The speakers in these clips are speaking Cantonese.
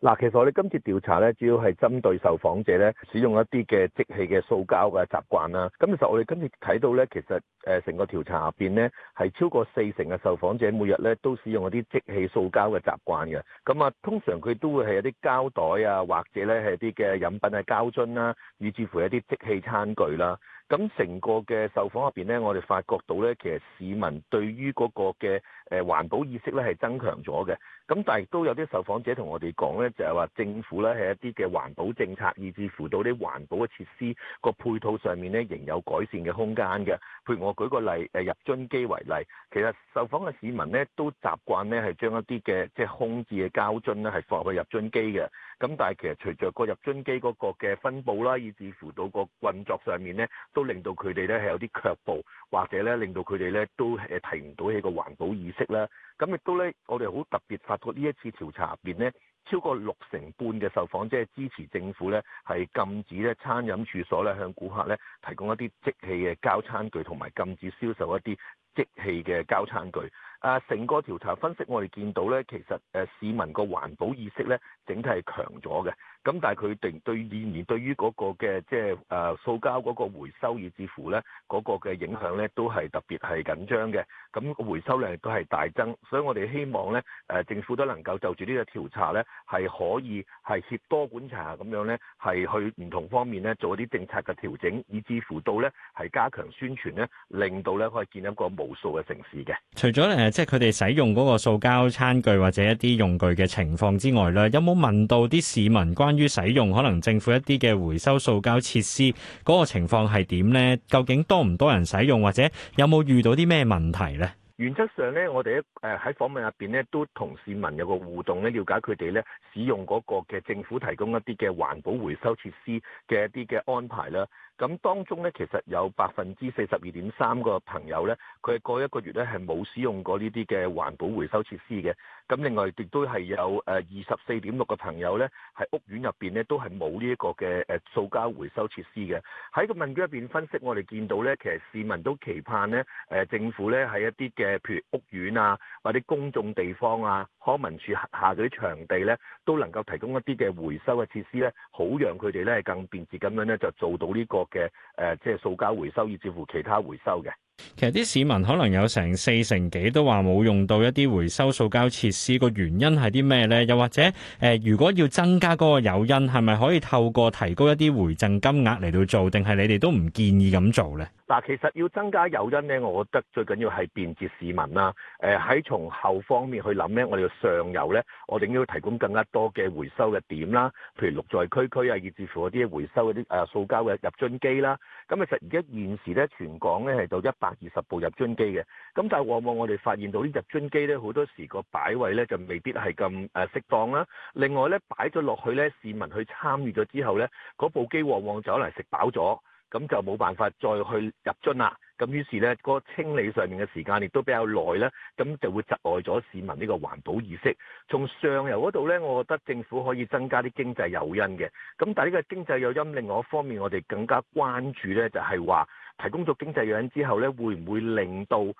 嗱，其實我哋今次調查咧，主要係針對受訪者咧使用一啲嘅即棄嘅塑膠嘅習慣啦。咁其實我哋今次睇到咧，其實。誒成個調查入邊呢，係超過四成嘅受訪者每日呢都使用嗰啲即棄塑膠嘅習慣嘅。咁啊，通常佢都會係有啲膠袋啊，或者呢係啲嘅飲品嘅膠樽啦、啊，以至乎一啲即棄餐具啦。咁成個嘅受訪入邊呢，我哋發覺到呢，其實市民對於嗰個嘅誒環保意識呢係增強咗嘅。咁但係都有啲受訪者同我哋講呢，就係、係、話政府呢係一啲嘅環保政策，以至乎到啲環保嘅設施個配套上面呢，仍有改善嘅空間嘅。譬如我。我舉個例，誒入樽機為例，其實受訪嘅市民咧都習慣咧係將一啲嘅即係空置嘅膠樽咧係放入入樽機嘅。咁但係其實隨着個入樽機嗰個嘅分佈啦，以至乎到個運作上面咧，都令到佢哋咧係有啲卻步，或者咧令到佢哋咧都誒提唔到起個環保意識啦。咁亦都咧，我哋好特別發覺呢一次調查入邊咧。超過六成半嘅受訪者係支持政府咧，係禁止咧餐飲處所咧向顧客咧提供一啲即棄嘅膠餐具，同埋禁止銷售一啲即棄嘅膠餐具。啊，成個調查分析，我哋見到咧，其實誒市民個環保意識咧，整體係強咗嘅。咁但係佢哋對現而對於嗰，嗰個嘅即係誒，塑膠嗰個回收以，以至乎咧嗰個嘅影響咧，都係特別係緊張嘅。咁，嗰個，回收量亦都係大增，所以我哋希望咧誒、呃、政府都能夠就住呢個調查咧，係可以係協多管查咁樣咧，係去唔同方面咧做一啲政策嘅調整，以至乎到咧係加強宣傳咧，令到咧可以建立一個無數嘅城市嘅。除咗誒即係佢哋使用嗰個塑膠餐具或者一啲用具嘅情況之外咧，有冇問到啲市民關係？關於使用可能政府一啲嘅回收塑膠設施嗰個情況係點呢？究竟，多唔多人使用，或者有冇遇到啲咩問題呢？原則上咧，我哋誒喺訪問入面咧，都同市民有個互動咧，瞭解佢哋咧使用嗰個嘅政府提供一啲嘅環保回收設施嘅一啲嘅安排啦。咁當中咧，其實有百分之四十二點三個朋友咧，佢係過一個月咧係冇使用過呢啲嘅環保回收設施嘅。咁另外亦都係有誒二十四點六個朋友咧，喺屋苑入面咧都係冇呢一個嘅誒塑膠回收設施嘅。喺個問卷入面分析，我哋見到咧，其實市民都期盼咧，誒政府咧係一啲嘅。誒，譬如屋苑啊，或者公眾地方啊，康文署轄下嗰啲場地咧，都能夠提供一啲嘅回收嘅設施咧，好讓佢哋咧更便捷咁樣咧，就做到呢個嘅誒，即係塑膠回收，以至乎其他回收嘅。其實啲市民可能有成四成幾都話冇用到一啲回收塑膠設施，個原因係啲咩咧？又或者、呃、如果要增加嗰個誘因，係咪可以透過提高一啲回贈金額嚟到做？定係你哋都唔建議咁做咧？嗱，其實要增加誘因咧，我覺得最緊要係便捷市民啦、啊。喺、呃、從後方面去諗咧，我哋嘅上游咧，我哋要提供更加多嘅回收嘅點啦，譬如綠在區區啊，以至乎嗰啲回收嗰啲、啊、塑膠嘅入樽機啦。咁、嗯、其實而家現時咧，全港咧係到一百二十部入樽機嘅，咁但係往往我哋發現到啲入樽機呢，好多時個擺位呢就未必係咁誒適當啦。另外呢，擺咗落去呢，市民去參與咗之後呢，嗰部機往往走嚟食飽咗，咁就冇辦法再去入樽啦。咁於是呢，個清理上面嘅時間亦都比較耐呢，咁就會窒礙咗市民呢個環保意識。從上游嗰度呢，我覺得政府可以增加啲經濟誘因嘅。咁但係呢個經濟誘因，另外一方面我哋更加關注呢，就係話。提供咗經濟誘因之後呢，會唔會令到誒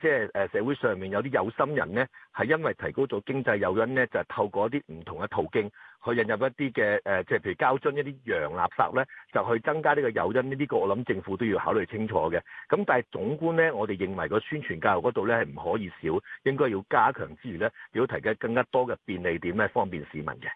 即係社會上面有啲有心人呢？係因為提高咗經濟誘因呢，就透過一啲唔同嘅途徑去引入一啲嘅誒，即、呃、係譬如膠樽一啲洋垃圾呢，就去增加呢個誘因呢？呢、這個我諗政府都要考慮清楚嘅。咁但係總觀呢，我哋認為個宣傳教育嗰度呢，係唔可以少，應該要加強之餘呢，如果提供更加多嘅便利點呢，方便市民嘅。